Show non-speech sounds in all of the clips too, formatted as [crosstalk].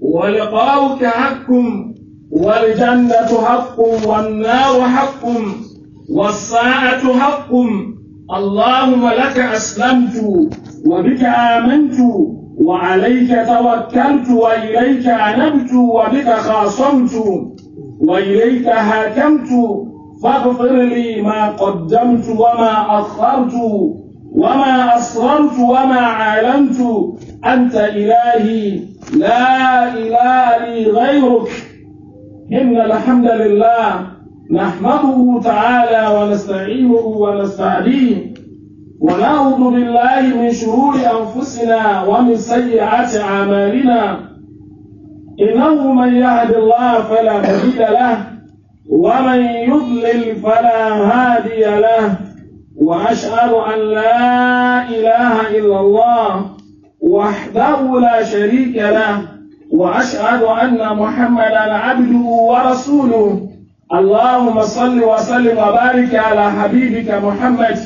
ولقاؤك حق والجنة حق والنار حق والساعة حق اللهم لك أسلمت وبك آمنت وعليك توكلت وإليك أنبت وبك خاصمت وإليك حاكمت فاغفر لي ما قدمت وما أخرت وما أسررت وما أعلنت أنت إلهي لا إله غيرك إن الحمد لله نحمده تعالى ونستعينه ونستعليه ونعوذ بالله من شرور أنفسنا ومن سيئات أعمالنا إنه من يهد الله فلا مضل له ومن يضلل فلا هادي له وأشهد أن لا إله إلا الله وحده لا شريك له وأشهد أن محمدا عبده ورسوله اللهم صل وسلم وبارك على حبيبك محمد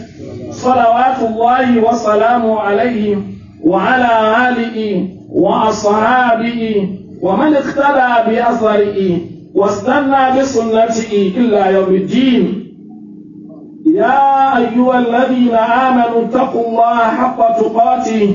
صلوات الله وسلامه عليه وعلى آله وأصحابه ومن اقتدى بأثره واستنى بسنته إلا يوم الدين يا أيها الذين آمنوا اتقوا الله حق تقاته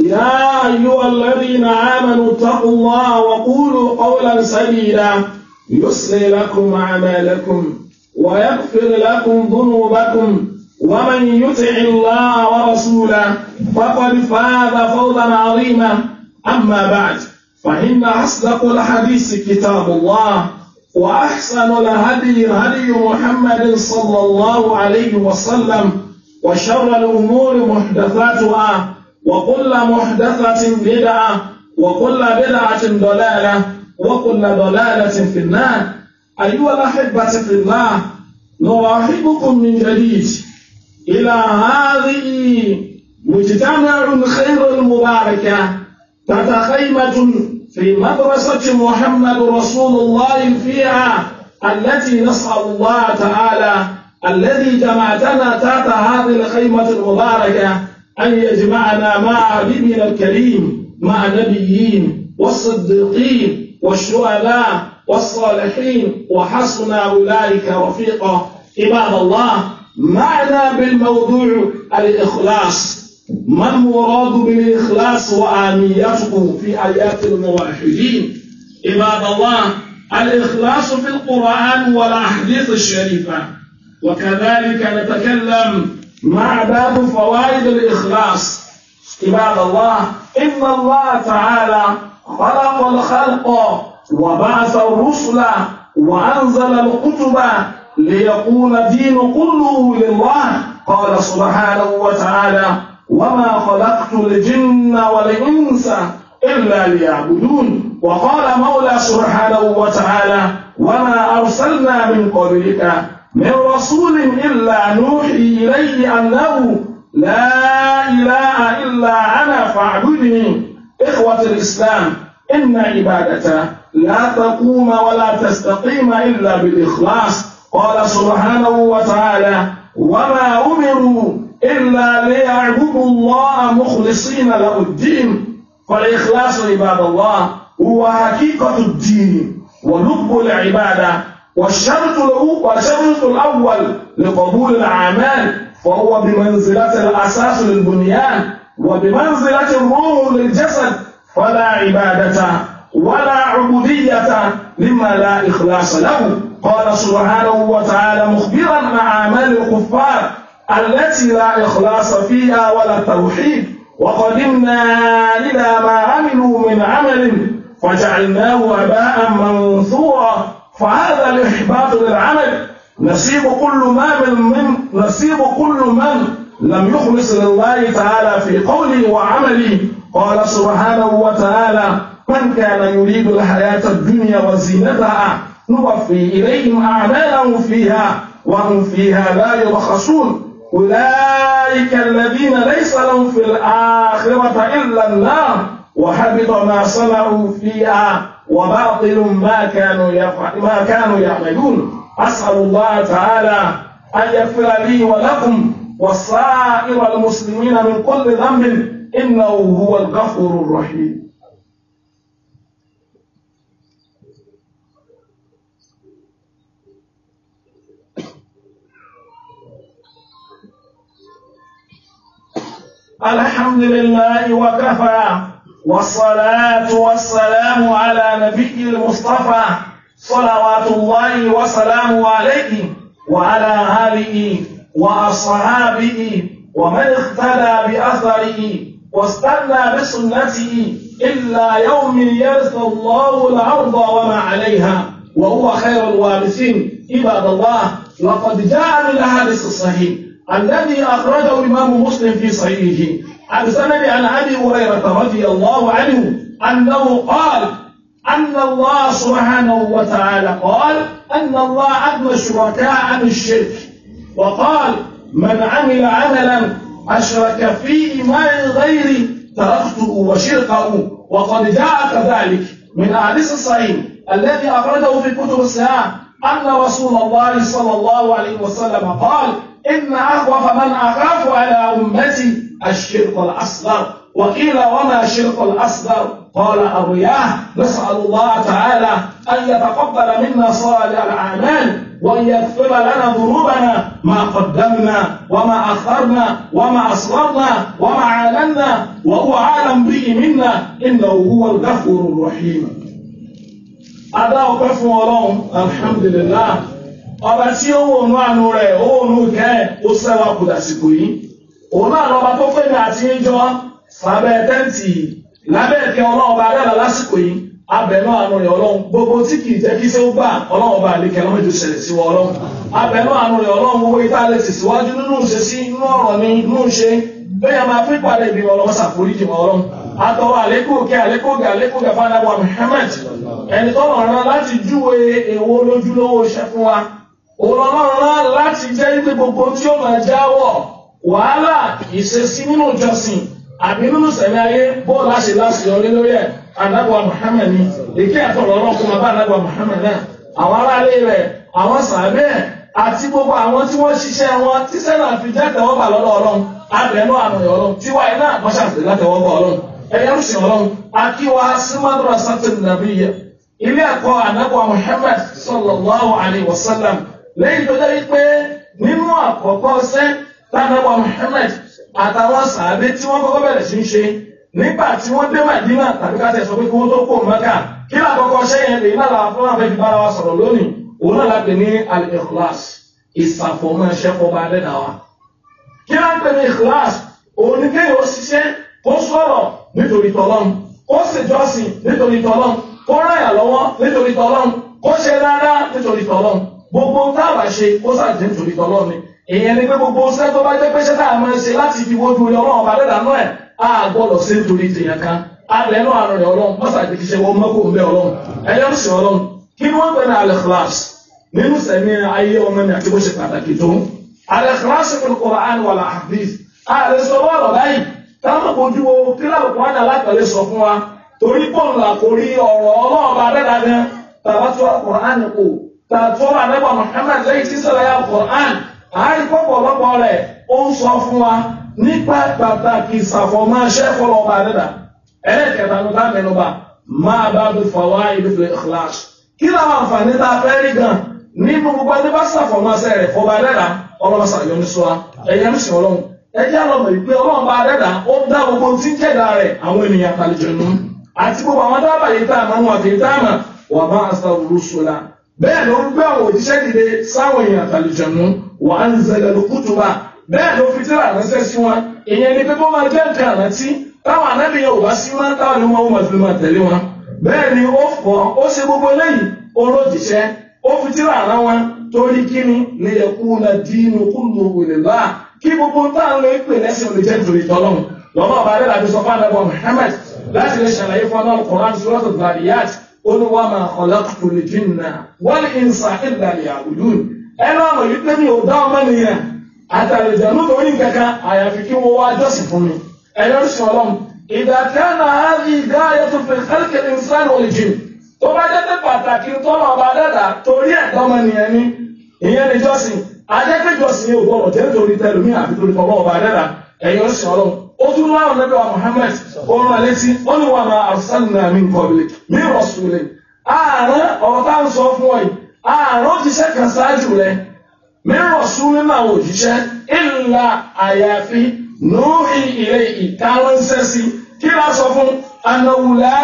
يا أيها الذين آمنوا اتقوا الله وقولوا قولا سديدا يسري لكم أعمالكم ويغفر لكم ذنوبكم ومن يطع الله ورسوله فقد فاز فوزا عظيما أما بعد فإن أصدق الحديث كتاب الله وأحسن الهدي هدي محمد صلى الله عليه وسلم وشر الأمور محدثاتها وكل محدثة بدعة وكل بدعة ضلالة وكل ضلالة في النار أيها الأحبة في الله نرحبكم من جديد إلى هذه مجتمع خير المباركة تحت خيمة في مدرسة محمد رسول الله فيها التي نسأل الله تعالى الذي جمعتنا تحت هذه الخيمة المباركة أن يجمعنا مع عبدنا الكريم مع النبيين والصديقين والشهداء والصالحين وحسن أولئك رفيقا عباد الله معنا بالموضوع الإخلاص ما المراد بالإخلاص وآنيته في آيات الموحدين عباد الله الإخلاص في القرآن والأحاديث الشريفة وكذلك نتكلم مع باب فوائد الإخلاص عباد الله إن الله تعالى خلق الخلق وبعث الرسل وأنزل الكتب ليكون الدين كله لله قال سبحانه وتعالى وما خلقت الجن والإنس إلا ليعبدون وقال مولى سبحانه وتعالى وما أرسلنا من قبلك من رسول إلا نوحي إليه أنه لا إله إلا أنا فاعبدني إخوة الإسلام إن عبادته لا تقوم ولا تستقيم إلا بالإخلاص قال سبحانه وتعالى وما أمروا إلا ليعبدوا الله مخلصين له الدين فالإخلاص عباد الله هو حقيقة الدين ولب العبادة والشرط له والشرط الأول لقبول الأعمال فهو بمنزلة الأساس للبنيان وبمنزلة الروح للجسد فلا عبادة ولا عبودية مما لا إخلاص له قال سبحانه وتعالى مخبرا عن أعمال الكفار التي لا إخلاص فيها ولا توحيد وقدمنا إلى ما عملوا من عمل فجعلناه أباء منثورا فهذا الإحباط للعمل نصيب كل ما من, من نصيب كل من لم يخلص لله تعالى في قولي وعملي قال سبحانه وتعالى من كان يريد الحياة الدنيا وزينتها نوفي إليهم أعمالهم فيها وهم فيها لا يبخسون أولئك الذين ليس لهم في الآخرة إلا النار وحبط ما صنعوا فيها وباطل ما كانوا ما كانوا يعملون أسأل الله تعالى أن يغفر لي ولكم وسائر المسلمين من كل ذنب إنه هو الغفور الرحيم الحمد لله وكفى والصلاة والسلام على نبي المصطفى صلوات الله وسلامه عليه وعلى آله وأصحابه ومن اقتدى بأثره واستنى بسنته إلا يوم يرث الله الأرض وما عليها وهو خير الوارثين عباد الله لقد جاء من الحديث الصحيح الذي أخرجه الإمام مسلم في صحيحه عن سند عن أبي هريرة رضي الله عنه أنه قال أن الله سبحانه وتعالى قال أن الله عدل الشركاء عن الشرك وقال من عمل عملا أشرك فيه ما غيري تركته وشركه وقد جاء كذلك من أحاديث الصحيح الذي أخرجه في كتب الصيام أن رسول الله صلى الله عليه وسلم قال إن أخوف من أخاف على أمتي الشرك الأصغر وقيل وما شرك الأصغر قال أرياه نسأل الله تعالى أن يتقبل منا صالح الأعمال وأن يغفر لنا ذنوبنا ما قدمنا وما أخرنا وما أصغرنا وما أعلنا وهو عالم به منا إنه هو الغفور الرحيم أداء ọpẹ́ fún الحمد لله ọba tí ó wọnú àánú rẹ̀ ó wọnú ìkẹ́ òun náà lọ́ba tó pè ní àti ìjọ sábẹ́ tẹ́ǹtì lábẹ́ ìfẹ́ ọlọ́run bá dára lásìkò yìí abẹnú àánú rẹ ọlọ́run gbogbo tí kì í jẹ́ kí sẹ́wọ́n gbà ọlọ́run bá àlékẹ́ lọ́mọ ètò ìṣẹ̀lẹ̀ sí wa ọlọ́run abẹnú àánú rẹ ọlọ́run owó ìta lè tẹ̀síwájú nínú ìṣe sí inú ọ̀rọ̀ ni inú ìṣe bẹ́ẹ̀ máa fi padà ìgbìmọ̀ ọlọ́run ṣàforíjì mọ́ ọlọ́run àtọwọ́ àlékún òkè àlékún òkè àlékún Muhammad ẹni tó ràn rán láti júwe èwo lójúlówó iṣẹ́ fún wa òun ọlọ́run rán láti jẹ́ ipe gbogbo tí ó máa jáwọ́ wàhálà ìṣesí nínú ìjọsìn àbí nínú sẹ̀mí ayé bọ́ọ̀lù àṣẹ láti ọrí lórí ẹ̀ anábọ̀ Muhammad ni èké ẹ̀tọ́ lọ́rọ́ kó máa bá anábọ̀ Muhammad náà àwọn aráalé rẹ̀ àwọn sàmì ẹ̀ àti gbogbo àwọn tí wọ́n ṣiṣẹ́ wọn tí sẹ́nà fi jẹ́ tẹ̀wọ́ bà lọ́dọ̀ Ọlọ́run abẹ̀nú àmì Ọlọ́run tí wáyé náà wọ́n ṣàtìlẹ́ látẹ̀wọ́ bà Ọlọ́run ẹ̀yẹ́ ń sìn Ọlọ́run Muhammad sallallahu alayhi wa sallam lẹ́yìn tó dẹ́ wípé nínú àkọ́kọ́ tánàbà Muhammad àtàwọn sàábé tí wọ́n kọ́kọ́ bẹ̀rẹ̀ sí ń ṣe nígbà tí wọ́n dé Màdínà tàbí ká tẹ̀ sọ pé kí wọ́n tó kó Mẹ́kà kí làkọ́kọ́ ṣe yẹn lè náà làwọn fúnra fẹ́ẹ́ fi bára wa sọ̀rọ̀ lónìí òun náà lápè ní al-ikhlas ìsàfọ̀mọ́ ṣẹ́fọ́ba lẹ́dàá kí lápè ní ikhlas òun ní kéèyàn ó ṣiṣẹ́ kó sọ̀rọ̀ nítorí tọ́lọ́run ni èèyàn ni pé gbogbo ṣẹ́ tó bá jẹ́ pé ṣẹ́ tá a máa ṣe láti fi wojú rẹ ọlọ́run ọba dẹ́dà náà ẹ̀ á gbọ́dọ̀ ṣe nítorí tèèyàn kan alẹ́ náà àrùn rẹ̀ ọlọ́run mọ́sàgbé ti ṣe wọ́n mọ́kò ń bẹ́ ọlọ́run ẹ̀yọ́ ń sìn kí ni wọ́n pè ní al nínú sẹ́mi ayé ọmọ mi àti bó ṣe pàtàkì tó al-ikhlas fún Qur'an wal hadith ààrẹ sọ wọ́ọ̀rọ̀ báyìí táwọn ojú wo kíláàbù kan náà lápẹ̀lẹ́ sọ fún wa torí pọ̀nlá kò Qur'an kò tàbá tó wà nẹ́bà Muhammad lẹ́yìn Qur'an àìpọ̀pọ̀lọpọ̀ rẹ̀ ó ń sọ fún wa nípa pàtàkì ìsàfọ̀mọ́ aṣẹ́ fọlọ́ọ̀bà dídà ẹlẹ́kẹta ló bá mẹnuba máa bá bí fọwọ́ ìdúfẹ́ ikhlas kí làwọn àǹfààní tá a fẹ́ rí gan nínú gbogbo ẹni bá sàfọ̀mọ́ aṣẹ́ rẹ̀ fọba dídà ọlọ́mọṣà yọ ní sọ́ra ẹ̀yẹ ń sìn ọlọ́run ẹjẹ́ àlọ́mọ̀ ìpè ọlọ́run bá dídà ó dá gbogbo tí jẹ́dá rẹ̀ àwọn ènìyàn àtàlejò àti gbogbo àwọn dábàá yìí tá a máa ń wà bẹ́ẹ̀ ló ń gbé àwọn òjíṣẹ́ dìde sáwọn èèyàn àtàlùjọ̀nù wà á ń zẹlẹ̀ ló kútu bá bẹ́ẹ̀ ló fi tíra ránṣẹ́ sí wọn ìyẹn ni pé kó máa jẹ́ nǹkan àrántí táwọn anábì yẹn ò bá sí táwọn wọn fi máa tẹ̀lé wọn bẹ́ẹ̀ ni ó ó ṣe gbogbo torí na dínú kú gbogbo lè pè lẹ́sìn ó ní wá máa khalaqtu al-jinna wal-insa illa liya'budun ẹnu àwọn yìí pé mi ò dá ọmọ nìyẹn àtàlẹ̀jẹ̀nú tó ní kankan àyàfi kí wọ́n wá jọ́sìn fún mi ẹ̀yọ́ sí ọlọ́run idha kana hadhihi gayatu fi khalqi al-insan wal-jinn tó bá jẹ́ pé pàtàkì tó máa bá dàda torí ẹ̀dá ọmọ nìyẹn ni ìyẹn ni jọ́sìn ajẹ́pẹ́jọ́sìn yóò gbọ́dọ̀ jẹ́ nítorí tẹlumi àfi torí tọ́lọ́ ọba dàda ẹ̀yin sọ̀rọ̀ ó tún wá ọ̀nà bíi Muhammad ọ̀run àlẹ́sí ó ní wà máa arsalna min qablik min rasulin ààrẹ ọ̀rọ̀ tá à ń sọ fún ọ yìí ààrẹ òjíṣẹ́ kan ṣáájú rẹ min rasulin náà òjíṣẹ́ illa àyàfi nuhi ilayhi ìtàránṣẹ́ sí kí ló sọ fún annahu la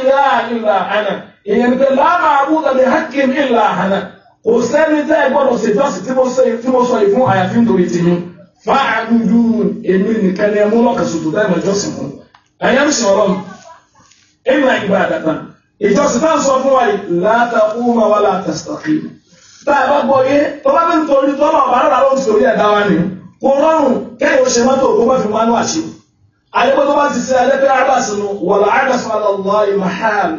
ilaha illa ana ìyẹn pé la ma'buda bi haqqin illa ana kò sẹ́ni tẹ́ ẹ gbọ́dọ̀ ṣèjọ́sìn tí mo sọ yìí fún àyàfi nítorí tìyín fa àdúdú èmi nìkan ni ẹmú lọ́kàn ṣoṣo bẹ́ẹ̀ mọ̀ jọ́sìn fún ẹ̀yẹ́ ń sọ̀rọ̀ mu ẹ̀yìn náà ìgbà àdàtà ìjọsìn náà sọ fún wa yìí látàkùn máa wà látàkì tá a bá gbọ́ yé tó bá fi ń torí tó ló ń sòrí ẹ̀dá wa ni kò rọrùn kẹ́yìn oṣù mọ́tò òkú bá fi máa ń wà sí i àyẹ̀wò tó bá ti ṣe ẹlẹ́pẹ́ àdásùn wọ̀lá àdásùn àlọ́lá ìmàhàn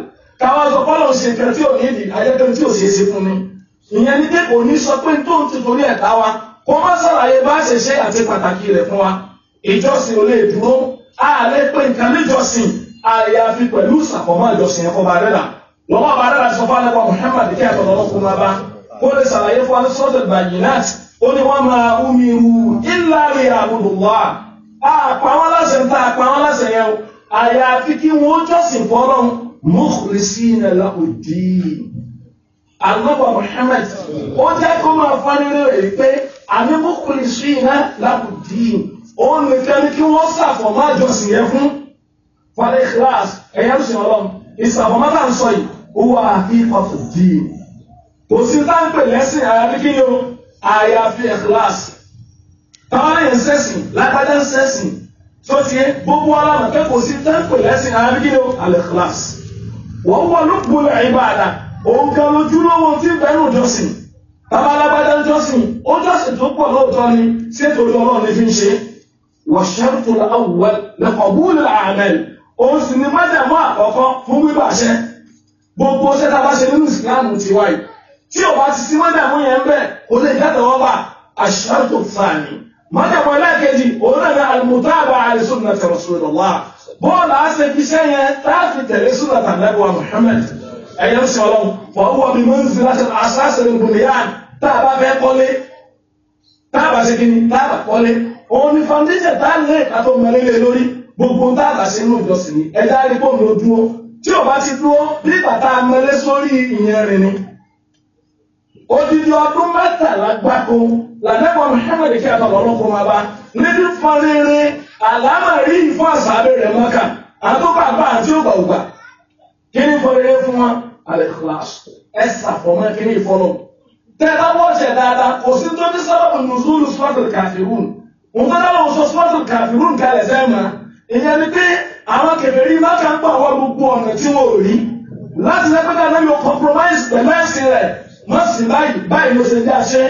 káwá sọ fọ́lọ̀ ṣe nǹkan tí ò ní ìdí àyẹ̀kẹ́ pé kò ní sọ pé tóun ti kó má ṣàlàyé bá ṣe ṣe àti pàtàkì rẹ̀ fún wa ìjọsìn ò lè dúró a lè pe nǹkan níjọsìn àyàfi pẹ̀lú ìsàkọ́mọ́ ìjọsìn ẹ̀kọ́ bá dẹ́dà wọ́n bá dẹ́dà sọ fún alẹ́kọ̀ọ́ Muhammad kí ẹ̀kọ́ lọ́kùnrin máa bá kó lè ṣàlàyé fún alẹ́sọ́tẹ̀ bayinat ó ní wọ́n máa wúmi ru illa li abudullah àpá wọn láṣẹ ń ta àpá wọn láṣẹ yẹn o àyàfi kí wọn ó jọ́sìn fọlọ́n mukhlisina lahu ddin Àlọ́bọ̀ Muhammad ó jẹ́ kó máa fọ́nirẹ́ rẹ̀ pé àbí mọ́kùnrin sí iná lákùdíìn òun nìkan ní kí wọ́n ṣàfọ̀mọ́ àjọsìn yẹn fún fọlẹ́ kíláàsì ẹ̀yẹ́ ń sìn ọlọ́run ìṣàfọ̀mọ́ náà ń sọ yìí owó àfihàn díìn kò sí táǹpẹ̀ lẹ́sìn àyàfi kí ni o àyàfi kíláàsì táwọn èèyàn sẹ́sìn lágbájá ń sẹ́sìn tó ti yẹ gbogbo alámọ̀ pé kò sí táǹpẹ̀ lẹ́sìn àyàfi kí ni o àlẹ́ kíláàsì wọ́n wọ́n ló gbólẹ̀ ìbáàdà òun kan lójúlówó tí bẹ́ẹ̀ bàbá alágbádá ń jọ́sìn ó jọ́sìn tó pọ̀ lóòótọ́ ni ṣé torí ọlọ́run ní fi ń ṣe wa shartul awwal li qabulil a'mal òun sì ni májàmú àkọ́kọ́ fún wíwà ṣẹ gbogbo ṣẹ́ tá a bá ṣe nínú ìsìláàmù ti wáyé tí ò bá ti sí májàmú yẹn bẹ́ẹ̀ kò lè dátọ̀wọ́ bá ash-shartu thani májàmú ẹlẹ́ẹ̀kejì òun náà ní al tá a bá fẹ́ kọ́lé tá a bá ṣe kíni tá a bá kọ́lé òun ni foundation tá lè ká tó lórí gbogbo tá a inú ìjọsìn ni ẹja rí pò ní o dúró tí o bá ti dúró bí bàtà mẹlẹ sórí ìyẹn rìn ni odidi ọdún mẹ́tàlá gbáko làdẹ́kọ̀ọ́ Muhammad kí àtàwọn ọlọ́kùn máa bá níbi fọnrere àlámàrí ìfọ́ àsàbẹ̀ rẹ̀ mọ́kà àtúbà bá àti ògbà ògbà kí ni fọnrere fún wa alẹ́ kílásì ẹ̀ sàfọ́mọ́ kí ni ìfọ́nà tẹ́lá wọ́ọ̀ṣẹ̀ dáadáa kò sí tó ní sábàbù nùsùlù sọ́tù kàfírùn òun tó dáwọn sọ sọ́tù kàfírùn kalẹ̀ sẹ́mà ìyẹn ni pé àwọn kèfèrí má kà ń pa àwọn gbogbo ọ̀nà tí wọ́n ò rí láti lẹ́pẹ́tà náà yóò compromise pẹ̀lú ẹ̀sìn rẹ̀ wọ́n sì báyìí báyìí ló ṣe dá ṣe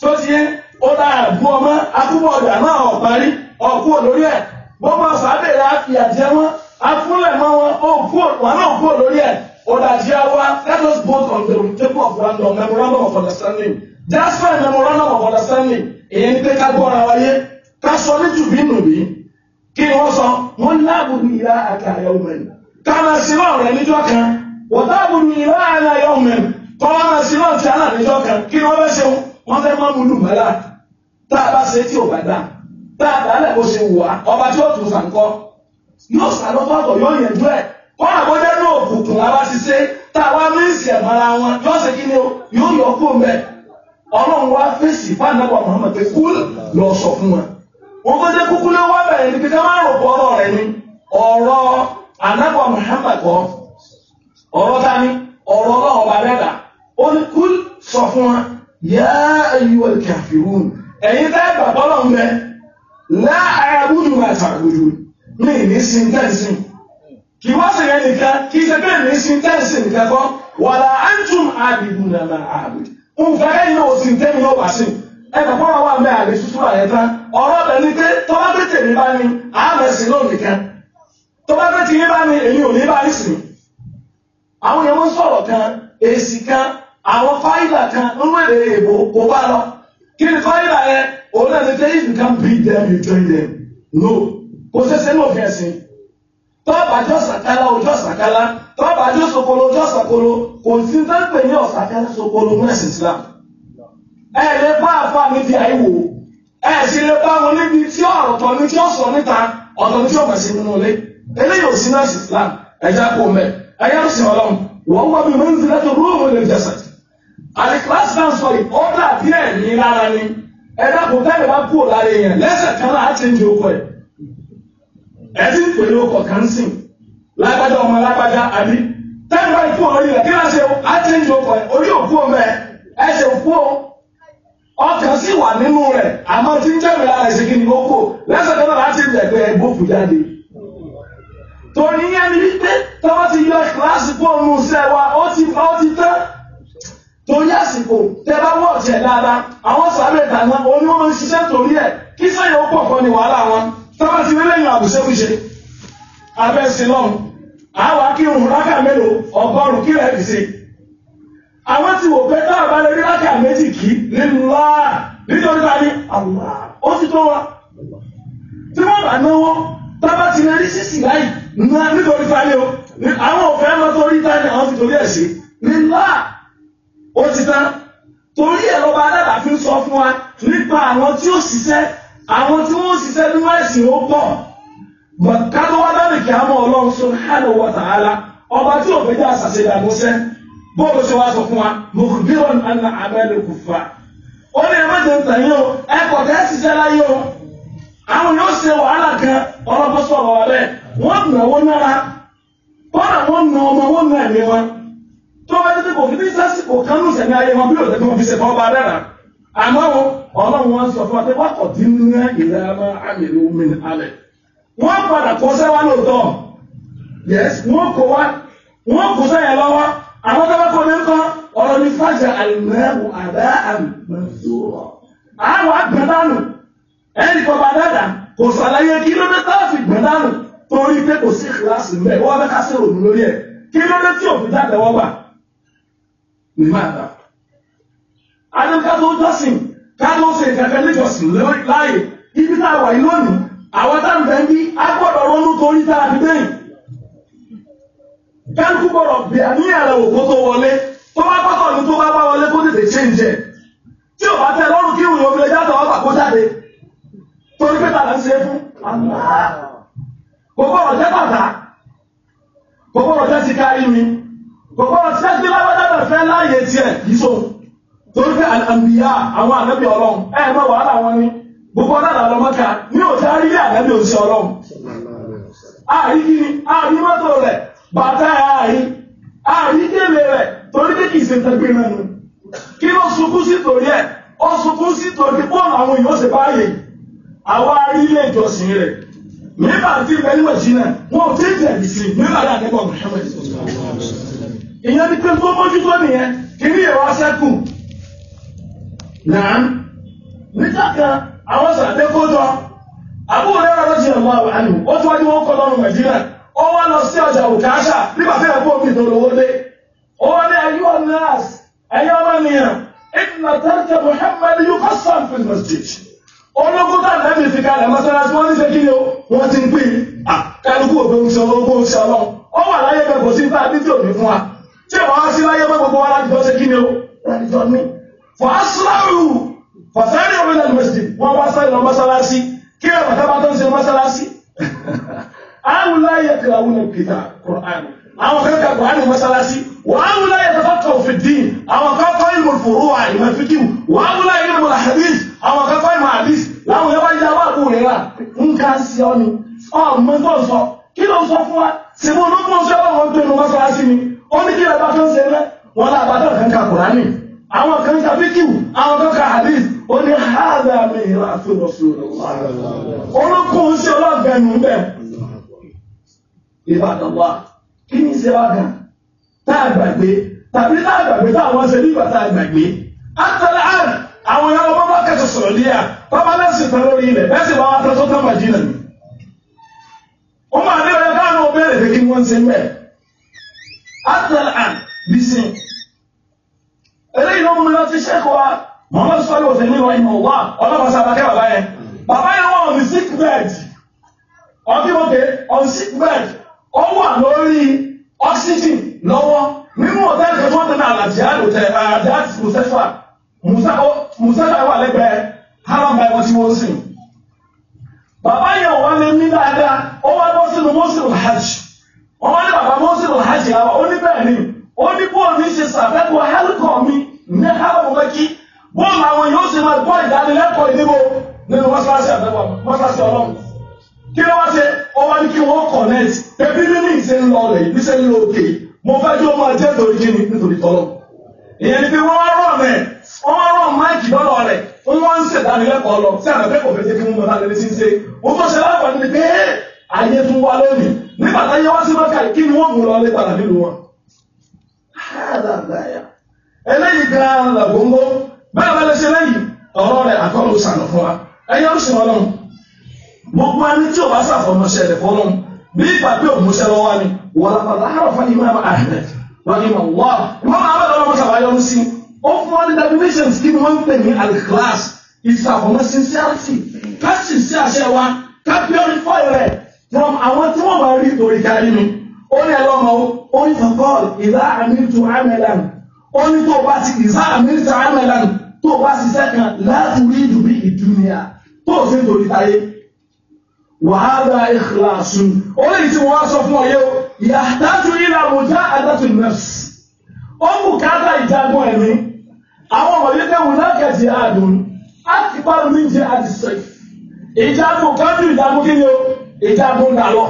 tó ti yẹ ó dára bú ọmọ akúbọ̀ ọ̀dà o ọ̀parí ọ̀kú olórí ẹ̀ bọ́mọ sàbẹ̀rẹ̀ àfìyàjẹ́ wọn afúnlẹ̀ mọ́ wọn ó kú wọn náà kú olórí ẹ̀ ọ̀dà jẹ́ wa let us both on the of random memorandum of understanding just for a memorandum of understanding èyí ni pé ká gbọ́ ara wáyé ká sọ ní tùbí nùbí kí wọ́n sọ wọ́n láàbùdù ìlà àti àyẹ̀wò mẹ́rin ká máa ṣe náà rẹ̀ níjọ́ kan wọ́n láàbùdù ìlà àti àyẹ̀wò mẹ́rin kọ́ wọ́n máa ṣe náà ti àná níjọ́ kan kí wọ́n fẹ́ ṣe wọ́n fẹ́ mọ́ múlù mẹ́la tá a bá ṣe tí ò bá dá tá a dálẹ̀ bó ṣe wù wá ọba tí ó tún sàǹkọ́ yóò sàlọ́fàtọ̀ yóò yẹ̀dú ẹ̀ kọ́ táwa mẹ́sì ẹ̀mọ́ra wọn yóò ṣe kí ni yóò yọ kó mẹ́ ọlọ́run wá fèsì fáànàbọ̀ Muhammad pé kú lọ sọ fún wọn. wọn kó jẹ́ kúkú lé wá bẹ̀rẹ̀ ní kíkẹ́ máa rò pọ̀ ọ̀rọ̀ rẹ̀ ni ọ̀rọ̀ ànàbọ̀ Muhammad kọ́ ọ̀rọ̀ ta ni ọ̀rọ̀ ọlọ́run ọba mẹ́ta ó ní kú sọ fún wọn yá ayyuha al-kafirun ẹ̀yin tẹ́ bàbá ọlọ́run bẹ láàárọ̀ àbújù àtàkùjù mí ní sin tẹ́sìn kì wá sí yẹn nìkan kì í ṣe bẹ́ẹ̀ sí tẹ́sí nìkan kọ́ wàlà antum abidun nàmà abid nfa ẹ̀yin náà òsì ntẹ́mi náà wá sí ẹ kà fọwọ́ wà mẹ́ àlè tuntun àyẹ̀ tán ọ̀rọ̀ bẹ̀ ní pé tọ́lá pé tèmi bá ní àmẹ́sì náà nìkan tọ́lá pé tèmi bá ní èmi ò ní bá ní sìn àwọn yẹn wọ́n sọ̀rọ̀ kan èsì kan àwọn fáìlà kan nínú èdè èbò kò bá lọ kí ni fáìlà yẹn òun náà ní beat them you join them no kò sẹ́sẹ́ náà tọ́ọ̀bà jọ sàkálá ojú ọ̀sàkálá tọ́ọ̀bà jọ sokolo ojú ọ̀sàkolo kò sí dáńpẹ̀ ní ọ̀sàkálá sokolo ní ẹ̀sìn Islam ẹ lè bá àfa mi di àìwò ẹ sì lè bá wọn níbi tí ọ̀tọ̀ ní tí ó sọ níta ọ̀tọ̀ ní tí ó mọ̀ sí nínú ilé eléyìí ò sí ní ẹ̀sìn Islam ẹ̀já kò mẹ́ ẹ̀yà ń sìn ọlọ́run wọ́n wọ́n bí mi ń tilẹ̀ tó rúùmù class náà sọ yìí ní lára ni ẹ̀dá kò tẹ́lẹ̀ bá kúrò lára yẹn lẹ́sẹ̀ kan náà á ti ń di ẹtí ń pèlú ọkọ̀ kan sìn lágbájá ọmọ lágbájá àbí táyì báyìí fún ọ̀rọ̀ ilẹ̀ kí wọ́n ṣe á ti ń jọ pọ̀ orí òkú ọmọ ẹ ẹsẹ̀ òkú ọkàn sì wà nínú rẹ̀ àmọ́ tí ń jẹ́rìí lára ẹ̀sìn kí ni ó kò lẹ́sẹ̀ kan náà láti ń dẹ̀gbẹ́ ẹgbófù jáde. tòní yẹn ni wípé tọ́wọ́ ti yọ kíláàsì fóònù sẹ́wà ó ti fa ó ti tán torí àsìkò tẹ bá wọ̀ ọ̀jẹ̀ dáadáa àwọn sàbẹ̀ dáná oní ń ṣiṣẹ́ torí ẹ̀ kí sẹ́yìn ó pọ̀ kan ní wàhálà wọn tọ́wọ́ sí lẹ́yìn àbùsẹ́wíṣe abẹ́sìn lọ́run àwọn akírun rákà mélòó ọgọ́rùn-ún kí rẹ̀ sí àwọn ti wò pé táwọn bá lè rí rákà méjì kí nílùú nítorí bá ní àwùrà ó ti tó wa tí wọ́n bá náwó tábà ti lè rí sísì láì nítorí bá ní o àwọn òfẹ́ lọ torí tání àwọn ti torí ẹ̀ sí nílùú ó ti tán torí ẹ̀ lọ́ba adábàá sọ fún wa nípa àwọn tí ó ṣiṣẹ́ àwọn tí wọ́n ṣiṣẹ́ nínú ẹ̀sìn ó pọ̀ kábọ̀ wá dábì kí á mọ̀ ọlọ́run subhanahu wa ta'ala ọba tí ò fẹ́jọ́ àṣàṣe ìdàgbọ́sẹ́ bóòlù ṣe wá sọ fún wa mùkúbíràn àná àbẹ́lẹ̀ kò fà ó ní ẹ̀mọ́ jẹ́ nǹkan yìí o ẹ̀kọ́ tẹ́ ṣiṣẹ́ láyé o àwọn yóò ṣe wàhálà kan ọlọ́pọ̀ sọ̀rọ̀ wa bẹ́ẹ̀ wọ́n nà wọ́n nára kọ́nà wọ́n nà ọmọ wọ́n nà ẹ̀mí wọn tó bá dé àmọ́ ọlọ́run wọn sọ fún wa pé wọ́n kọ̀ tí ń ná ìlànà àmìlú mi alẹ̀ wọ́n padà kọ́ sẹ́wà lóòótọ́ yes wọ́n kọ́ wa wọ́n kọ́ sẹ́yà lọ́wọ́ àwọn tó bá kọ́ ní kọ́ ọ̀rọ̀ ní fàjà àlùmẹ́rù àbá àmìmọ́sọ̀rọ̀ àwọn àgbẹ̀dánù ẹnì kan bá dàda kò sàlàyé kí ló dé táàfì gbẹ̀dánù torí pé kò sí kíláàsì mẹ́ wọ́n bẹ́ ká sí òun adájọ́ tó jọ́sìn ká ló ṣe ìfẹ́fẹ́ níjọsìn láàyè ibi tá a wà yìí lónìí àwọn tá à ń bẹ bí a gbọ́dọ̀ ronú torí tá a fi dẹ́yìn kálukú gbọ́dọ̀ bí àníyàn rẹ̀ wò kó tó wọlé tó bá kọ́kọ́ ní tó bá bá wọlé kó tètè ṣe ń jẹ tí ò bá tẹ lọ́rùn kí ìròyìn obìnrin jáde ọ̀pá kó jáde torí pé tàbí ṣe fún gbogbo ọ̀jẹ́ bàtà gbogbo ọ̀jẹ́ ti ká ìrìn gbogbo ọ̀jẹ́ ti lábẹ́dàbẹ̀ fẹ́ láàyè tiẹ̀ torí pé àlàmbíyá àwọn ànábì ọlọ́run ẹ ẹ mọ wàhálà wọn ni gbogbo ọlọ́run àlọ́ mọ́ta ní òjá rí ànábì òsì ọlọ́run àrí kí ni àrí mọ́tò rẹ̀ bàtà àrí àrí délé rẹ̀ torí pé kì í ṣe ń tẹ́gbẹ́ náà nù kí ló sunkún sí torí ẹ̀ ó sunkún sí torí bọ́ọ̀lù àwọn èèyàn ṣe báyè àwa rí ilé ìjọsìn rẹ̀ nígbà tí bẹ́ẹ̀ níwẹ̀ sí náà wọn ò tí ì nígbà tí àdébọ̀ ni pé tó mójútó nìyẹn kí nàám nígbà kan àwọn sàbẹ́ kó jọ àbúrò rẹ̀ rárá jìnnà mọ́ àwọn àlù ó tún wájú wọn kọ́ lọ́rùn nàìjíríà ó wá lọ sí ọjà òkàṣà nígbà tí ẹ̀kọ́ òbí tó lówó dé ó wá ní ayé wọn nurse ọmọ nìyàn ìdùnnà tẹ́tẹ́ Muhammad yóò kọ́ sàn fún masjid ológun tá àná mi fi kalẹ̀ mọ́sálásí wọ́n ní ṣe kí ni o wọ́n ti ń pín kálukú òfin ń sọ ológun ń sọ lọ ó wà láyé fọ asilamu fọsẹ́ni ọ̀bẹ̀dà lọ́sídì wọ́n wá sáré lọ mọ́sálásí kí ẹ̀ bàtà bá tó ń ṣe mọ́sálásí. àwọn láyé kìlà wọn kìlà Qur'an àwọn kan kà Qur'an mọ́sálásí wọ́n láyé tafà tọ̀fì dín àwọn kan kọ́ ìlú fòrò wà ìmọ̀ fíkì wọ́n láyé ìlú mọ̀lá hadith àwọn kan kọ́ ìmọ̀ hadith láwọn yẹn bá yá wà kó rẹ̀ rà nǹkan sí ọ ni ọmọ tó ń sọ kí ló ń sọ fún wa sèpò olóńgbò ń sọ ẹ bá wọn tó ìlú mọ́sálásí ni ó ní kí ẹ bá tó ń ṣe rẹ wọn làbàdàn kan kà Qur'an àwọn kan ka fíkìwù àwọn kan ka hadith ó ní hádà mi ìlà àti Rasulullah olókùn ṣe ọlọ́gbẹ̀nù ń bẹ̀ Ìbàdàn wa kí ni ṣe wá gan tá a gbàgbé tàbí tá a gbàgbé tá àwọn ṣe nígbà tá a gbàgbé àtàlẹ́ àrùn àwọn ìyá ọmọ bá kẹsọ̀ sọ̀rọ̀ ní à bàbá lẹ́sìn tán lórí ilẹ̀ bẹ́ẹ̀ sì bá wa tẹ́sọ́ tán màjí nà ní. ó máa ní ọ̀rẹ́ káàánú ọbẹ̀ rẹ̀ kí wọ́n ṣe mẹ́ẹ̀ àtàlẹ́ àrùn bí sìn eléyìí ló mú lọ sí sẹ́kọ̀ wa Muhammad sọ́lọ́ òsè ní ìwọ̀n ìmọ̀ ọlọ́pàá sàbàkẹ́ bàbá yẹn on sick bed on sick bed ó wà lórí oxygen lọ́wọ́ nínú hòtẹ́ẹ̀lì kan tí wọ́n ti na àlàjì hòtẹ́ẹ̀lì àlàjì mùsẹ́fà mùsẹ́fà wà lẹ́gbẹ̀ẹ́ haram bible tí wọ́n sìn bàbá yẹn wà lé mí dáadáa ó wá bọ́ sínú mọ́sílù hajj wọ́n wá ní bàbá mọ́sílù hajj àwọn oníbẹ̀ẹ́ni ó ní bóòní ṣe sàfẹ́kọ̀ọ́ hálùkọ̀ mi ní káwọn mẹ́kí bọ́ọ̀lù àwọn yóò sì máa gbọ́ ìdánilẹ́kọ̀ọ́ ìdíbò nínú mọ́ṣáláṣí àtẹ́wà mọ́ṣáláṣí ọlọ́run kí ló wá ṣe ó wá ní kí wọ́n connect ebi nínú ìṣe ń lọ rẹ̀ ìbí ṣe ń lọ òkè mo fẹ́ kí ó máa jẹ́ torí kí ni nítorí tọ́lọ́ ìyẹn ni pé wọ́n wá rọ̀ mẹ́ wọ́n wá rọ̀ máìkì lọ́dọ̀ rẹ̀ wọ́n ń ṣèdánilẹ́kọ̀ọ́ lọ sí àgbẹ̀ kò fẹ́ jẹ́ kí wọ́n mọ̀ láti lè ṣe ń ṣe mo tó ṣe láǹfààní eléyìí gan làgbóńgbó bẹ́ẹ̀ bá lè ṣe lẹ́yìn ọ̀rọ̀ rẹ̀ àkọ́lù sànù fún wa ẹ̀yẹ́ ó sì wọn lọ́hùn gbogbo ẹni tí o bá sàfọmọṣẹ́ rẹ̀ fọlọ́hùn bí pàpẹ́ òmùṣẹ́ lọ́wọ́ ni wàlàpàlà àròfà ni Imam Ahmed rahim allah Imam Ahmed ọlọ́mọ sàbáyọ ń sin ó fún wọn ní definitions kí wọ́n ń pè ní al-ikhlas ìsàfọmọ sincerity ká sincerity wa ká purify rẹ̀ from àwọn tí wọ́n bá rí torí kárí mi ó ní ẹlọ́mọ ó ń sọ kọ́ọ̀lù ìlà àmì tu amẹ́lẹ́mù ó ní tó bá ti lè sáà mínísítà amẹ́lẹ́nu tó bá ṣiṣẹ́ kan láti rí ìdùnnú ìdúnìyà tó sì ń torí táyé wàhálà ìkìláṣù ó lè tí wọ́n sọ fún ọyẹ́ o ìyàtàtù ìlàwọ̀ já àtàtù nọ́ọ̀sì ó mú káàtà ìjagun ẹ̀mí àwọn ọmọdé tẹ́wù lákẹ̀tì àdùn láti pàrọ̀ ní jẹ́ àdìsẹ́ ìjagun kájú ìjagun kí ni o ìjagun dàlọ́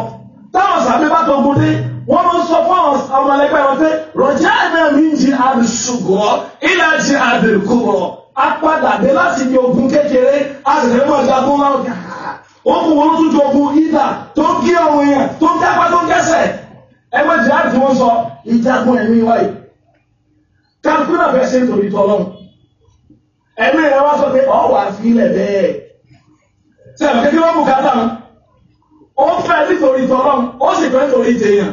táwọn sàmì bá tó gbọdé wọ́n máa ń sọ fún àwọn ọmọlẹ́gbẹ́ wọn pé rọ̀já náà mi ń di àdùsùgọ́ ìlàjì àdùkùrọ̀ apádàdé láti di ogun kékeré àtẹ̀lẹ́ mọ̀ jagun láwùjá wọ́n kò wọ́n tún jogun ìdà tó ń kí ọ̀run yẹn tó ń kápá tó ń kẹsẹ̀ ẹgbẹ́ jìlá tí wọ́n sọ ìjagun ẹ̀mí wáyé kánkúnà fẹ́ ṣe nítorí tọ́lọ́run ẹ̀mí rẹ̀ wá sọ pé ọ̀ wà fílẹ̀ bẹ́ẹ̀ sẹ́wọ̀n kékeré wọn bù kátà ó fẹ́ nítorí tọ́lọ́run ó sì fẹ́ nítorí tèèyàn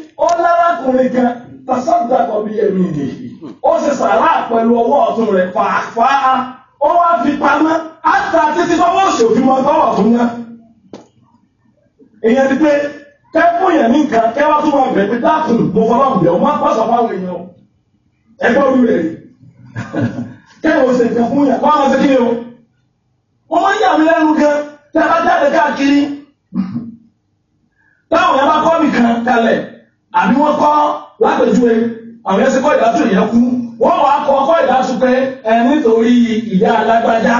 ó lárakùnrin kan tasọ́dàkọ̀ bí ẹ̀mí nìyí ó sì sàrà pẹ̀lú ọwọ́ ọ̀tún rẹ̀ fàáfàá ó wá fi pamọ́ àtà títí tọ́wọ́ òṣèlú mọ́ tọ́wọ́ ọ̀tún náà èèyàn ti pé kẹ́kọ̀ọ́ yẹn ní nǹkan kẹ́wàá tó wà bẹ̀rẹ̀ pé dáàtùn mo fọlọ́ bẹ̀ ọ́ má pàṣọ fáwọn èèyàn ẹgbẹ́ orí rẹ̀ kẹ́wàá ó sì nǹkan fún yà ni o wọ́n máa ń yà mí lẹ́nu gan tẹ́ bá jáde káàkiri táwọn yẹn bá kọ́ nìkan kalẹ̀ àbí wọ́n kọ́ lápèjúwe àwọn ẹsẹ̀ kọ́ ìdásùn yẹn kú wọ́n wàá kọ́ kọ́ ìdásùn pé ẹ nítorí ìyá alágbájá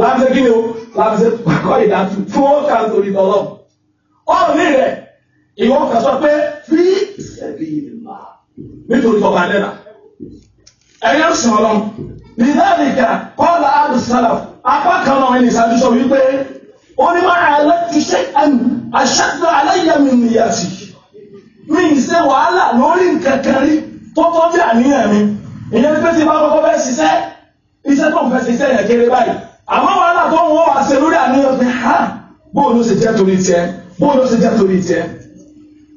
láti kí ni o láti kọ́ ìdásùn tí wọ́n kà ń torí tọ́lọ́ ọ̀rọ̀ ní rẹ̀ ìwọ kà sọ pé fi ìṣẹ̀bí ìlà nítorí tọ́ba dẹ́nà ẹ̀yẹ sùn ọlọ́run nìdáàdìkà kọ́lá àdùsálà apá kan náà ẹni ìṣáájú sọ wípé ó ní máa alẹ́ ti ṣe àṣàdùn mi ì ṣe wàhálà lórí nǹkan kan rí tó tọ́jú àníyàn mi ìyẹn pé tí bá kọ́kọ́ bẹ́ẹ̀ ṣiṣẹ́ iṣẹ́ tó ń fẹ́ ṣiṣẹ́ yẹn kéré báyìí àmọ́ wàhálà tó ń wọ́n wá ṣe lórí àníyàn pé ha bóun ló ṣe jẹ́ torí tiẹ̀ bóun ló ṣe jẹ́ torí tiẹ̀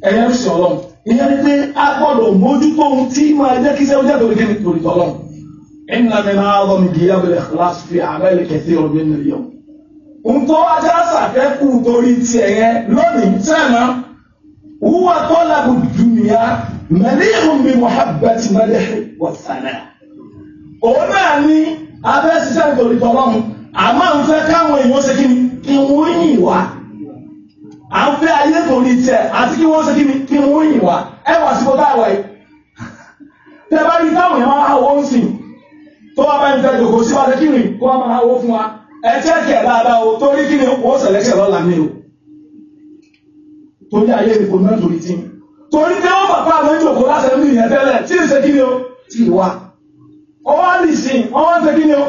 ẹ̀yẹ ń sọ̀rọ̀ ìyẹn pé a gbọ́dọ̀ mójútó ohun tí máa jẹ́ kí iṣẹ́ jẹ́ torí kí ni torí tọ́lọ́ inna min a'zam giyab al-ikhlas fi a'mal kathir min al-yawm. Nǹkan wá já sàkẹ́kù torí tiẹ̀ هو طلب الدنيا مليء بمحبة مدح والثناء òun náà ní abẹ́ ṣiṣẹ́ nítorí tọ́lọ́run àmọ́ à ń fẹ́ káwọn èèyàn ṣe kíni kí wọ́n yìn wá à ń fẹ́ ayé torí tiẹ̀ àti kí wọ́n ṣe kíni kí wọ́n yìn wá ẹ wà sí kótó àwọ̀ yìí tẹ bá rí táwọn èèyàn máa wọ́n sìn tó wá bá ń fẹ́ jòkó síwájú kíni kó wá máa wọ́n fún wa ẹ jẹ́ kẹ̀ dáadáa o torí kíni wọ́n ṣẹlẹ́ṣẹ̀ lọ́la mi o torí ayé ìbò náà torí tí torí tí wọ́n bàbá àwọn ìjòkó láti ẹ̀mí ìyẹn tẹ́lẹ̀ tí ìṣe kí ni ó ti wà ọwọ́ nìsín ọwọ́ ń ṣe kí ni ó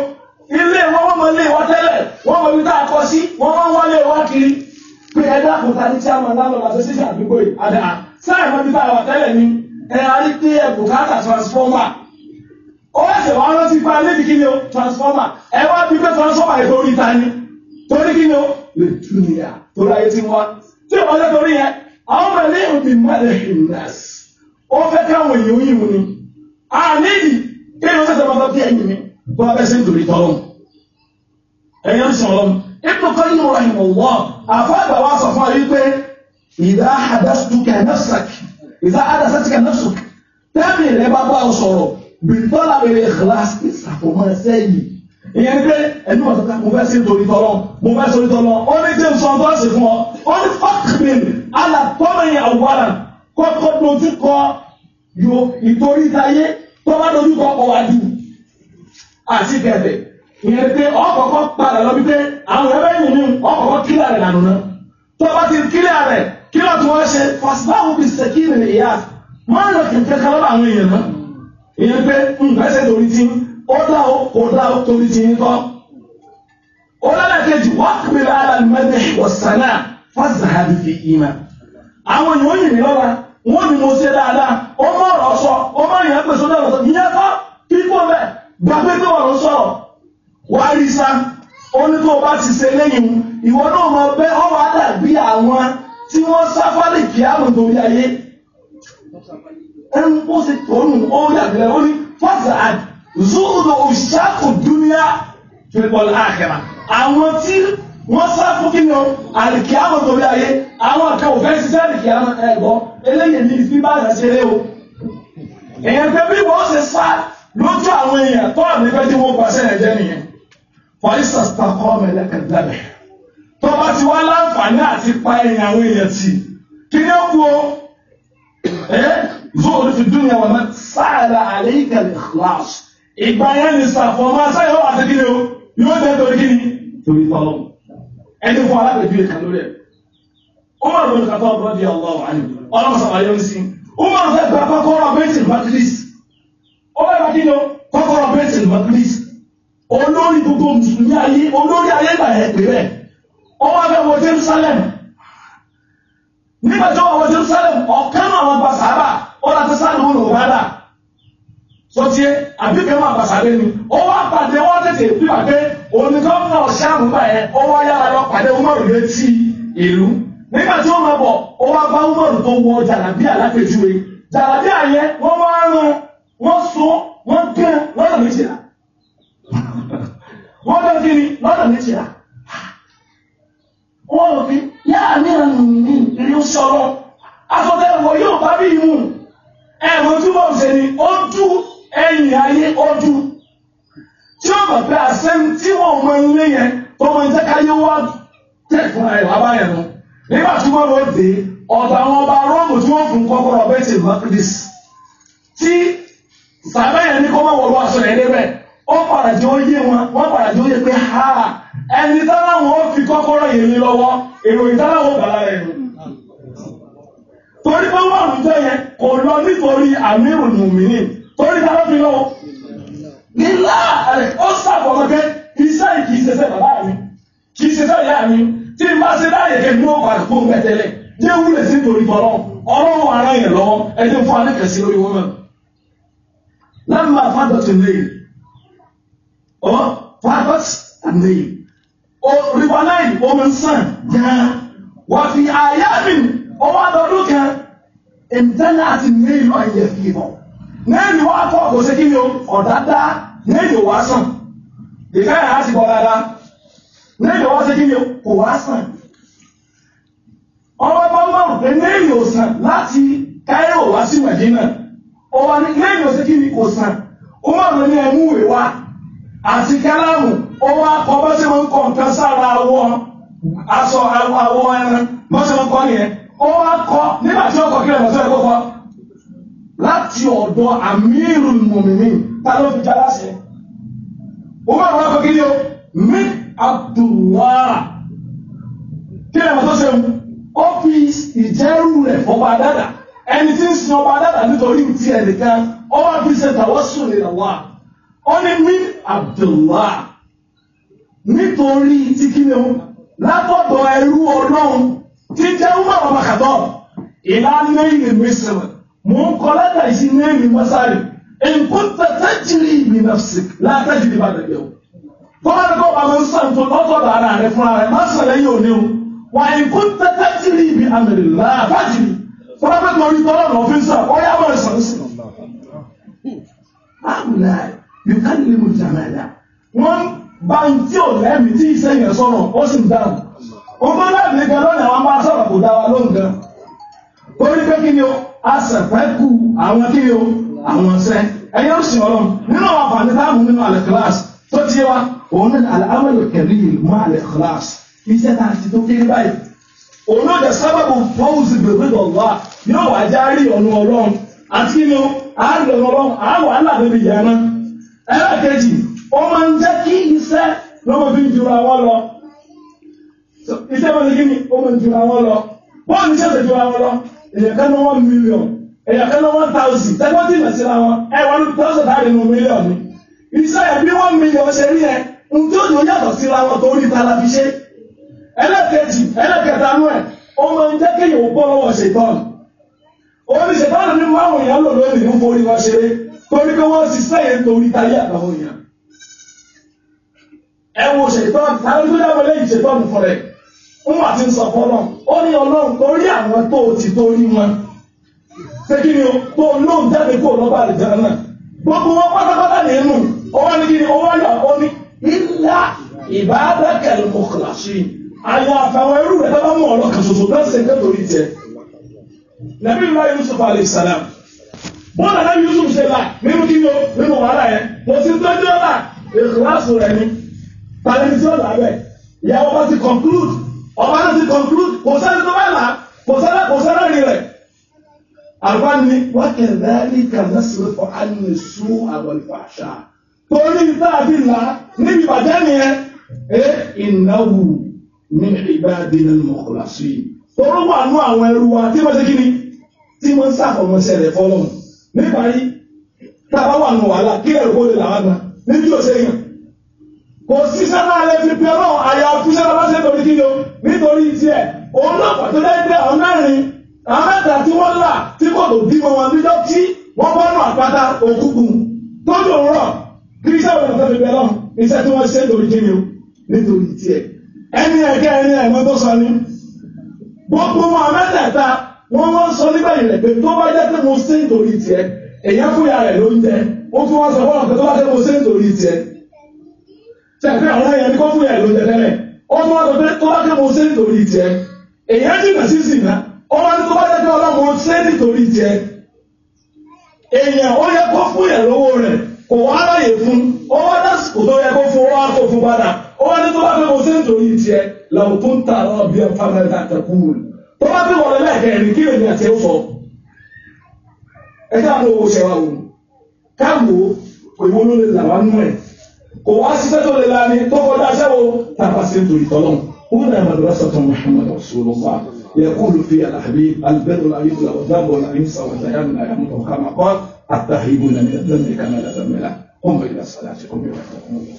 ilé wọn wọ́n mọ ilé wọn tẹ́lẹ̀ wọ́n mọ ibi tá a kọ sí wọ́n máa ń wọlé wọn kiri pé ẹ dákun ta ní chairman lálọ́ làṣẹ sísè àdúgbò yìí sáà ìmọ̀ ibi tá a wà tẹ́lẹ̀ ni ẹ arí pé transformer ọwọ́ ẹ̀sẹ̀ wọn rántí pa lédi transformer ẹ wá transformer ètò orí ta ni torí kí ni ó tí ìwọ́n lẹ́tọ̀ rí yẹn àwọn ọmọ ilé ìbí mẹ́lẹ̀ hìnnẹ́s ó fẹ́ káwọn èèyàn yìí wọn ni a nídìí kí ẹ̀yọ́ sẹ́sẹ̀ máa tọ́ kí ẹ̀yìn mi bó a bẹ́ sí nítorí tọ́lọ́ ẹ̀yẹ́ ń sọ̀rọ̀ Ibn Qayyim rahimahullah àfáàgbà wa sọ fún ayé pé ìdá hadastuka nafsak ìdá hadastuka nafsak tẹ́mi rẹ̀ bá bá ọ sọ̀rọ̀ bìtọ́lá rẹ̀ ikhlas ìsàfọ̀mọ́sẹ́yìn ìyẹn pé ẹni wọn sọta mo fẹ́ sí nítorí tọ́lọ́ mo fẹ́ sórí tọ́lọ́ ó ní jẹ́ nsọ tó ṣe fún ọ ó ní fọ́kìmìn àlà tọ́lọ́ yẹn àwòrán kọ́kọ́ dojú kọ yo ìtorí táyé tọ́lá dojú kọ ọ̀wájú àti kẹfẹ́ ìyẹn pé ọkọ̀ọ̀kọ̀ padà lọ bí pé àwọn ẹgbẹ́ yìí ni ọkọ̀ọ̀kọ̀ kílà rẹ̀ nànú náà tọ́lá ti kílà rẹ̀ kílà tó wọ́n ṣe fàṣibáwò bí sẹ́kì ìrìn ìyá máa lọ kẹ̀kẹ́ kálọ́ àwọn èèyàn náà ìyẹn pé nǹkan ẹsẹ̀ torí ti ń ó dá o kò o torí ti ń kọ́ ó lọ́dà kejì wọ́n kúbi lára mẹ́tẹ̀ ọ̀sánà fásitì fi ìmọ̀ àwọn èèyàn ó yìn mí lọ́la wọ́n ní mo ṣe dáadáa ó mọ̀ ọ̀rọ̀ sọ ó mọ̀ èèyàn pèsè ó dọ̀rọ̀ sọ ìyẹn kọ́ kíkó bẹ́ẹ̀ gbàgbé pé ọ̀rọ̀ sọ̀rọ̀ wá rí sá ó ní tó o bá ti ṣe lẹ́yìn ìwọ náà mọ bẹ́ ọ wá dàbí àwọn tí wọ́n sáfárì kìámù torí ayé ẹnu ó ṣe tòun ó yàgbẹ́ ó ní fásitì zúùdù òṣàkù dúníà tìrìpọ̀lù àkẹ́rà àwọn tí wọ́n sá fún kí ni o àlìkíyàmọ̀ torí ayé àwọn kan ò fẹ́ ṣiṣẹ́ àlìkíyàmọ̀ ẹ̀gbọ́ eléyìí ní fi bá àṣà ṣeré o èèyàn pé bí wọ́n ṣe sá lójú àwọn èèyàn tó àmì fẹ́ tí wọ́n pàṣẹ rẹ̀ jẹ́ nìyẹn fọ́ísà stakọ́ mẹ́lẹ́kẹ̀ dábẹ̀ tó bá ti wá láǹfààní àti pa èèyàn àwọn èèyàn tì kí ni ó kú o ẹ́ zúùdù fi dúníà wọn sáàlà àlẹ́ ìkẹlẹ̀ kìláàsì ìgbà yẹn ní sàfọ̀ ọmọ asáyẹ̀ wọ́n àti kíni o yóò tẹ́ torí kíni torí tọ́lọ́ ẹni fún alábẹ̀bí ìkan lórí ẹ̀ Umar bin Khattab rọ́bì ọlọ́wọ́ àní ọlọ́mọ sọ̀rọ̀ yóò sí Umar fẹ́ gba kọ́kọ́rọ́ bẹ́ẹ̀tì Madrid ó fẹ́ gba kíni o kọ́kọ́rọ́ bẹ́ẹ̀tì Madrid olórí gbogbo mùsùlùmí ayé olórí ayé gbà ẹ̀ pè rẹ̀ ọwọ́ fẹ́ wọ Jerusalem nígbà tí wọ́n wọ Jerusalem ọ̀kan àwọn gbà sábà ọ̀là tó sáré wọn lò wọ́n dáa sọtí ẹ àbí kẹmọ àbàṣàlẹ ni ó wá pàdé wọn tètè bí wà pé onígọ́fúnà ṣàmùbà ó wá yára lọ pàdé umaru létí ìlú nígbà tí wọn máa bọ̀ ó wá bá umaru tó wọ jàlábí alápèjúwe jàlábí àyẹ wọn wá rún wọn sún wọn gán lọ́nà méjìlá [laughs] wọn bẹ kí ni lọ́nà méjìlá wọn ò fi yáà ní àná ní ìlú sọ̀rọ̀ asọtẹ ẹwọ yóò bá bí imú ẹwọ túbọ̀ ṣe ni ó dùn ẹ̀yìn ayé ọdún tí ó bàbá asẹ́m tí wọ́n mọ ilé yẹn tó mọ jẹ́ káyé wá tẹ̀ fún ẹ̀ bàbá yẹn lọ nígbà tí wọ́n lọ dé ọ̀dọ̀ àwọn ọba rọ́ọ̀mù tí wọ́n fún kọ́kọ́rọ́ bẹ́ẹ̀ tẹ̀ mọ́kìdís tí sàbẹ̀ yẹn ní kó má wọlé aṣọ yẹn débẹ̀ ó padà jẹ́ oyé wọn wọ́n padà jẹ́ oyé pé ha ẹni táwọn ó fi kọ́kọ́rọ́ yẹn lọ́wọ́ èrò ìtàláwọ̀ bàlá rẹ̀ lọ torí pé wọ́n àwùjọ yẹn kò lọ nítorí àmírùn mùmíní torí ta ló fi lọ. nílá ẹ̀ ó sàbọ̀ lọ́gẹ́ iṣẹ́ yìí kì í ṣe iṣẹ́ bàbá mi kì í ṣe iṣẹ́ ìyá mi tí n bá ṣe láàyè kẹ́ ní ó padà kó mẹ́ tẹ́lẹ̀ jẹ́ wúlẹ̀ sí torí bọ́lọ́ ọlọ́run ara yẹn lọ́wọ́ ẹ jẹ́ fún alẹ́ kẹsí lórí wọn. lámà fàdọ̀tì lẹ́yìn ọ fàdọ̀tì lẹ́yìn ó rìbá láyìn omi sàn gan wà fi àyà mi ọwọ́ àdọ́dún kan ìdáná àti mẹ́rin ọ̀yẹ́ fi hàn nẹ́ẹ̀nì wá kọ́ kò sí kí ni o ọ̀dá dá nẹ́ẹ̀nì wá sàn ìkáyà á ti bọ̀ dáadáa nẹ́ẹ̀nì wá sí kí ni o kò wá sàn ọmọ ọmọ mọ̀rùn pé nẹ́ẹ̀nì ò sàn láti Káírò wá sí Mẹ̀dínà ó wá ní nẹ́ẹ̀nì ò sí kí ni kò sàn ó mọ̀rùn ní ẹmú ìwé wa àti kálámù ó wá kọ́ bó ṣe máa kọ nǹkan sára awọ aṣọ awọ ẹran bó ṣe máa kọ nìyẹn ọ̀dọ̀ Amirul Mu'minin ta ló fi jaláṣẹ Umar wá fẹ́ kí ni o mi Abdullah kí ni àwọn tó ṣe ọ́fíìsì ìjẹ́rù rẹ̀ fọba dada ẹni tí ń sin ọba dada nítorí ti ẹnìkan ọba fi ṣe tawassul ila Allah ó ní mi Abdullah nítorí ti kí ni o látọ̀dọ̀ ẹrú ọlọ́run tí jẹ́ Umar ọba kàdọ́ ìlànà ìlú mísìlẹ̀ mò ń kọ́ lẹ́tà yìí sí néèmì la nǹkan tẹ̀tẹ̀ jìrì mi náà sí látẹ̀ jìrì bá dẹ̀ yẹ̀wò. kọ́mọ́dé kọ́ bá ń sàn tó lọ́tọ̀dọ̀ ara rẹ̀ fúnra rẹ̀ má sàn lẹ́yìn òní o wà nǹkan tẹ̀tẹ̀ jìrì mi àmìlì láàbájìrì fọlọ́pẹ́ torí tọ́lọ́ lọ́ fi ń sàn ọ̀yá mọ̀ sàn sí. àmìlà yóò ká nílé mu jàmẹ́lá wọ́n bá ń tí ò lẹ́mìí tí ìsẹ́yìn sọ̀rọ̀ ó sì ń dáhùn. òun bá láàbì àwọn bá sọ̀rọ̀ kò dá wa orí pé kí ni o asẹ̀fẹ́kù àwọn kí o àwọn ṣẹ́ ẹ̀yẹ́ ó sì ọlọ́run nínú àwọn àǹfààní táàmù nínú àlẹ́kíláàsì tó ti yé wa òun ní àlẹ́kíláàsì kẹ̀lí mọ́ àlẹ́kíláàsì iṣẹ́ tá a ti tó kéré báyìí òun náà jẹ́ sábàbù fọ́ọ̀sì bèbèdò ọ̀la yóò wá já rí ọ̀nà ọlọ́run àti inú àárẹ̀ ọ̀nà ọlọ́run àwọ̀ alábẹ́bí yẹn ná ẹlẹ́kẹ̀jì ó máa ń jẹ́ kí iṣẹ́ lọ́wọ́ fi ń jura wọn lọ iṣẹ́ wọn ni kí ni ó máa ń jura wọn lọ bọ́ọ̀lù iṣẹ́ ti jura wọn lọ èyàn kan náà one million èyàn kan náà one thousand tẹ́gbọ́n tí ìmọ̀ síra wọn ẹ wọn thousand tàbí nù million ni iṣẹ́ ẹ̀ bí one million ṣe rí ẹ n tí ó yọ yàtọ̀ síra wọn torí talafiṣẹ́ ẹlẹ́kẹ̀jì ẹlẹ́kẹta nú ẹ̀ ó máa ń jẹ́ kéèyàn ó bọ́ lọ́wọ́ ṣètọ́nù orí ṣètọ́nù ní márùn-ún yẹn lò lónìí ń forí wọn ṣeré torí pé wọ́n ti sẹ́yìn torí táyé àtàwọn èèyàn ẹ wo ṣètọ́nù táwọn tó dábọ̀ lẹ́yìn ṣètọ́nù fún rẹ̀ ń wà tí ń sọ fọ́lọ́n ó ní ọlọ́run tó rí àwọn tó ti tó rí wọn ṣé kí ni tó lóun jáde kó lọ́ba àlejò náà gbogbo wọn pátápátá nínú ọwọ́ ní kí ni ọwọ́ yà ó ní ilá ìbádàkẹ̀lẹ̀ mọ̀kànláṣí àyà àfàwọn irú rẹ̀ tó bá mọ̀ ọlọ́kan ṣoṣo tó ń ṣe nǹkan torí tiẹ̀ nàbí ìlú Yusuf alayhi salam bọ́ọ̀lù àná Yusuf ṣe là nínú kí ni nínú wàhálà yẹn mo ti tọ́jú ọ̀la ìkìláàsù rẹ̀ ni tàbí tí ó là bẹ̀ ìyàwó bá ti conclude ọba náà ti conclude kò sẹ́ni tó bá là kò sẹ́ni kò sẹ́ni rìn rẹ̀ àlùfáà ni wákẹ̀lẹ́ ní kàmẹ́ sọ̀rọ̀ fọ́ àyìnlẹ̀ sún àwọ̀lẹ̀fọ̀ àṣà torí sáàbì là níbi ìbàjẹ́ nìyẹn ẹ ìnáwó ní ìbádínà mọ̀kọ̀lásí torí wà nú àwọn ẹrú wa tí wọ́n ṣe kí ni tí wọ́n sàfọ̀mọ́sẹ̀ rẹ̀ fọ́lọ́run nípa yìí tá wà nù wàhálà kí ẹ̀rù kó lè làwọn àgbà níbi òṣèlú kò sí sábà lè fi pe ọlọ́run àyà òfin sábà bá ṣe torí kíni o nítorí tiẹ̀ òun náà pàtó lẹ́gbẹ́ àwọn mẹ́rin àwọn mẹ́ta tí wọ́n là tí kò tó bímọ wọn níjọ́ tí wọ́n bọ́nù àpáta òkúkùn tójú òwúrọ̀ kiri sábà lè fi pe ọlọ́run iṣẹ́ tí wọ́n ṣe torí kíni o nítorí tiẹ̀ ẹni ẹ̀kẹ́ ẹni ẹ̀mọ́ tó sọ ni gbogbo wọn mẹ́tẹ̀ẹ̀ta wọ́n wọ́n sọ nígbà ìrẹ̀ pé tó bá jẹ́ pé mo sí nítorí tiẹ̀ èyàn fúyà rẹ̀ ló ń jẹ ó tún wọ́n sọ fọ́nà pé tó bá jẹ́ mo sí nítorí tiẹ̀ tẹ̀fẹ́ àwọn ẹ̀yẹ ní kọ́ fún ẹ̀ ló jẹ tẹ́lẹ̀ ó tún wá sọ pé tó bá kẹ́mọ ṣe nítorí ìjẹ èyí jìnà sí ìsìnà ó wá ní tó bá jẹ́ pé ọlọ́mọ ṣe nítorí ìjẹ èèyàn ó yẹ kó fún ẹ̀ lówó rẹ̀ kò wá ráyè fún ó wá lásìkò tó yẹ kó fún ó wá kó fún padà ó wá ní tó bá kẹ́mọ ṣe nítorí ìjẹ làwùkún ta ọ̀bí ẹ̀ pàmẹ́ta tẹ̀kú tó bá bí wọlé lẹ́ẹ̀kẹ́rin kí èèyàn ti sọ ẹ káàmù nú ẹ̀ هنا مدرسة محمد رسول الله يقول فيها الحبيب البر لا يبلى والذنب ولا ينسى والديان لا يموت كما قال التهيبون من الذنب كما لا ذنب له قم إلى صلاتكم يرحمكم الله